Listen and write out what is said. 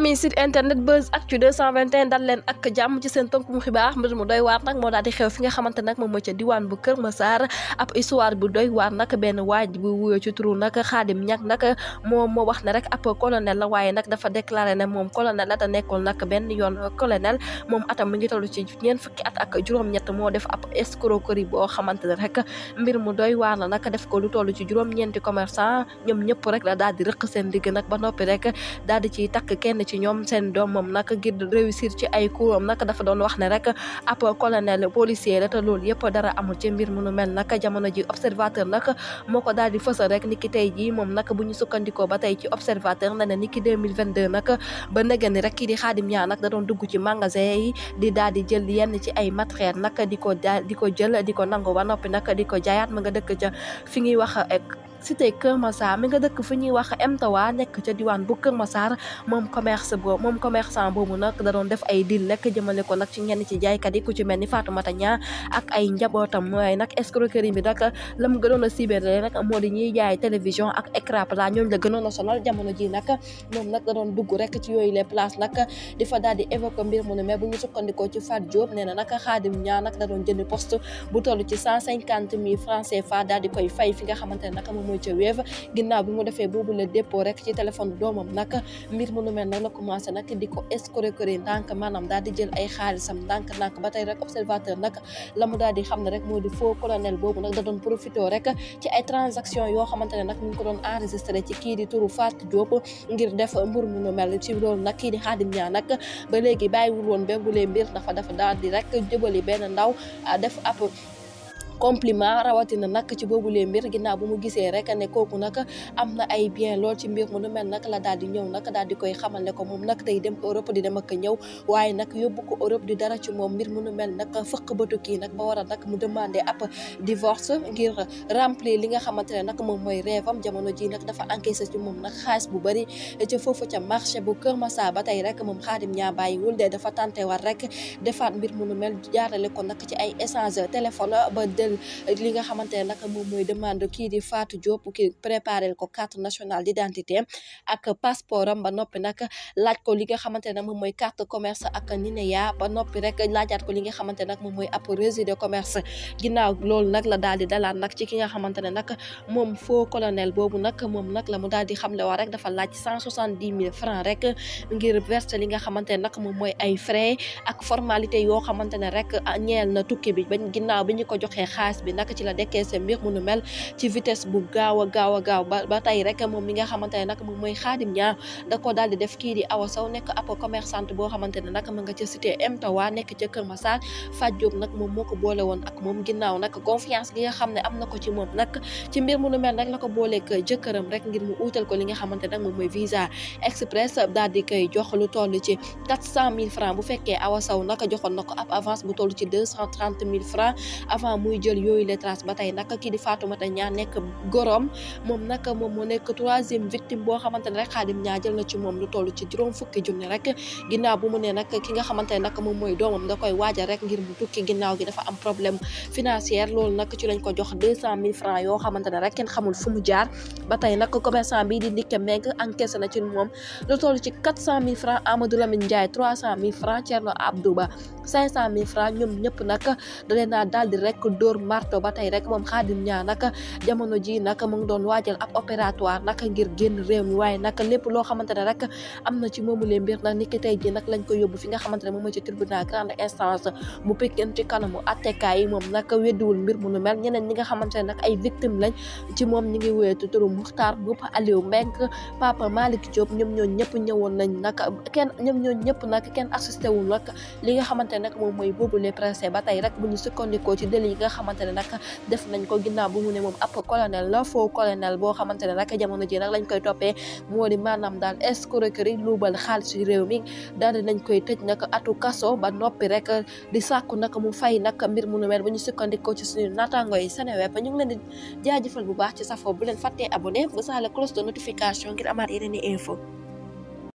ami site internet Buzz Actu 221 dal leen ak jàmm ci seen tënkum xibaar mbir mu doy waar nag moo daal di xew fi nga xamante nag moom moo ca doy waar nag benn waaj bu wuyoo ci turu nag Xaadim Ñak nag moom moo wax ne rek ab colonel la waaye nag dafa déclaré ne moom colonel la te nekkul nag benn yoon colonel moom atam mi ngi toll ci ñeent fukki at ak juróom-ñett moo def ab escroquerie boo ne rek mbir mu doy waar nag def ko lu toll ci juróom-ñeenti commerçant ñoom ñëpp rek la daal di rëq seen digg nag ba noppi rek daal ci takk kenn ci ñoom seen doom moom nag ngir réussir ci ay cours am nag dafa doon wax ne rek ab colonel policier la te loolu yëpp dara amul ci mbir mu mel nag jamono ji observateur nag moo ko daal di fësal rek niki tey jii moom nag bu ñu sukkandikoo ba tey ci observateur na ne niki 2022 nag ba nëgëni rek kii di xaadim ñaa nag da doon dugg ci magasin yi di daal di jël yenn ci ay matériel nag di ko daal di ko jël di ko nangu ba noppi nag di ko jaayaat ma nga dëkk ca fi ñuy wax cité Kër Massar mi nga dëkk fu ñuy wax waa nekk ca diwaan bu Kër Massar moom commerce boobu moom commerçant boobu nag da doon def ay deal nag jëmale ko nag ci ñenn ci jaaykat yi ku ci mel ni Fatoumata Niang ak ay njabootam waaye nag bi nag la mu gënoon di ñuy jaay télévision ak écran plat ñooñu la gënoon a sonal jamono ji nag moom nag da doon dugg rek ci yooyu les places nag di fa daal di évoquer mbir mu ne mais bu ñu sukkandikoo ci Fat Diop nee na nag Xaadim Niang nag da doon jënd cent cinquante mille francs CFA daal koy fay fi nga xamante ne nag mooy ca Wave ginnaaw bi mu defee boobu la dépôt rek ci téléphone doomam nag mbir mu nu mel nag la commencé di ko escroquer ndànk maanaam daal di jël ay xaalisam ndànk-ndànk ba tey rek observateur nag la daal di xam ne rek moo di faux colonel boobu nag da doon profité rek ci ay transaction yoo xamante ne nag mu ngi ko doon enregistré ci kii di turu Fatou Diop ngir def mbir mu nu mel ci loolu nag kii di Xaadim Ñaa nag ba léegi bàyyiwul woon béngulee mbir dafa dafa daal compliment rawatina nag ci boobulee mbir ginnaaw bu mu gisee rek ne kooku nag am na ay bien lool ci mbir mu nu mel nag la daal di ñëw nag daal di koy xamal ne ko moom nag tey dem Europe di dem ak waaye nag yóbbu ko Europe di dara ci moom mbir mu nu mel nag fëq kii nag ba waral nag mu demandé ab divorce ngir remplir li nga xamante ne nag moom mooy rêvam jamono ji nag dafa encaissé ci moom nag xaalis bu bari ca foofu ca marché bu Kër Massa ba tey rek moom xaadim ñaa bàyyiwul de dafa tànte war rek defaat mbir mu nu mel jaarale ko nag ci ay échange téléphone ba del li nga xamante ne nag moom mooy demande kii di Fatou Diop ki préparé ko carte nationale d'identité ak passeport am ba noppi nag laaj ko li nga xamante ne moom mooy carte commerce ak NINEA ba noppi rek laajaat ko li nga xamante ne nag moom mooy ab registre de commerce ginnaaw loolu nag la daal di dalaat nag ci ki nga xamante ne nag moom faux colonel boobu nag moom nag la mu daal di xam le waa rek dafa laaj cent soixante dix mille francs rek ngir verser li nga xamante ne nag moom mooy ay frais ak formalité yoo xamante ne rek ñeel na tukki bi bañ ginnaaw bi ñu ko joxee xaalis bi naka ci la dekkee sa mbir mu nu mel ci vitesse bu gaaw a gaaw a gaaw ba ba rek moom mi nga xamante ne nag moom mooy xaadim ñaar da ko daal di def kii di Awa Sow nekk ab commerçante boo xamante ma nga ca cité Mtawa nekk ca Kër Massar Fatou Diop nag moom moo ko boole woon ak moom ginnaaw nag confiance gi nga xam ne am na ko ci moom nag ci mbir mu nu mel rek la ko booleeg jëkkëram rek ngir mu uutal ko li nga xamante nag moom mooy visa express daal di koy jox lu toll ci quatre mille francs bu fekkee Awa Sow nag joxoon na ko ab avance bu toll ci deux cent trente yooyu les ba tey naka kii di Fatoumata Niang nekk gorom moom naka moom moo nekk troisième victime boo xamante rek Khadim Niang na ci moom lu toll ci da koy waajal rek ngir mu tukki ginnaaw gi dafa quatre cent mille francs ñoom ñëpp nag da leen daal rek dóor marto ba tey rek moom Khadim Niang nag jamono ji nag mu ngi doon waajal ab opératoire nag ngir génn réew mi waaye nag lépp loo xamante ne rek am na ci moomulee mbir nag fi nga xamante ne moom mooy ci tribunal grande instance bu Pikine ci kanamu attekaay yi moom nag weddiwul mbir mu nu mel ñeneen ñi nga xamante ne nag ay victime lañ ci moom ñi ngi wéyetu turu Muxtaar Buup Aliou Mbengue Papa Malick Diop ñoom ñoo ñëpp ñëwoon nañ nag kenn ñoom kenn assisté wul nag li nga xamante ne nag moom mooy boobu les ba tey rek bu ñu sukkandikoo ci délit yi nga xamante ne nag def nañ ko ginnaaw bu mu ne moom ab colonel la faux colonel boo xamante ne nag jamono ji nag lañ koy toppee moo di maanaam daal escroquerie luubal xaalis yu réew mi daal nañ koy tëj nag atu kaso ba noppi rek di sàkku nag mu fay nag mbir mu nu mel ba ñu sukkandikoo ci suñu naataango yi Seneweb ñu ngi leen di jaajëfal bu baax ci safoo bu leen fàttee abonné ba sax la de notification ngir amaat yeneen i info